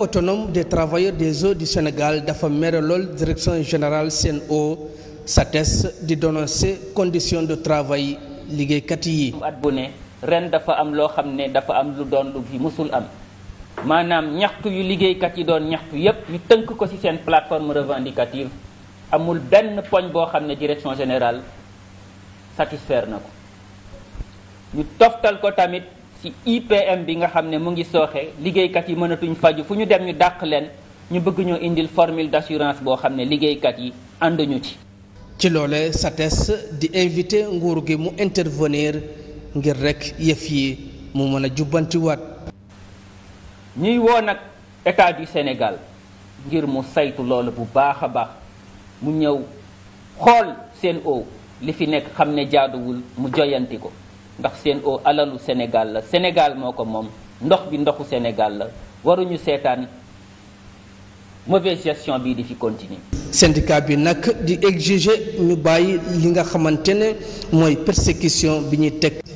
autonome des travailleurs des eaux du Sénégal dafa mere lool direction générale Sen'Eau SATES di dénoncer conditions de travail liggéeykat yi. at bu ne ren dafa am loo xam ne dafa am lu doon lu fi musul am maanaam ñaxtu yu liggéeykat yi doon ñaxtu yépp ñu tënk ko ci seen plateforme revendicative amul benn poñ boo xam ne direction général satisfaire na ko ñu toftal ko tamit. ci IPM bi nga xam ne mu ngi sooxee liggéeykat yi mënatuñ faju fu ñu dem ñu dàq leen ñu bëgg ñoo indil formule d'assurance boo xam ne liggéeykat yi ànduñu ci. ci loole SATES di invité nguur gi mu intervenir ngir rek yëf yi mu mën a jubbantiwaat. ñuy woo nag état du Sénégal ngir mu saytu loolu bu baax a baax mu ñëw xool seen o li fi nekk xam ne jaaduwul mu joyanti ko. ndax seen o alalu Sénégal la Sénégal moo ko moom ndox bi ndoxu Sénégal la waruñu seetaan mauvaise gestion bii di fi continuer. syndicat bi nag di exiger ñu bàyyi li nga xamante ne mooy persécution bi ñuy teg.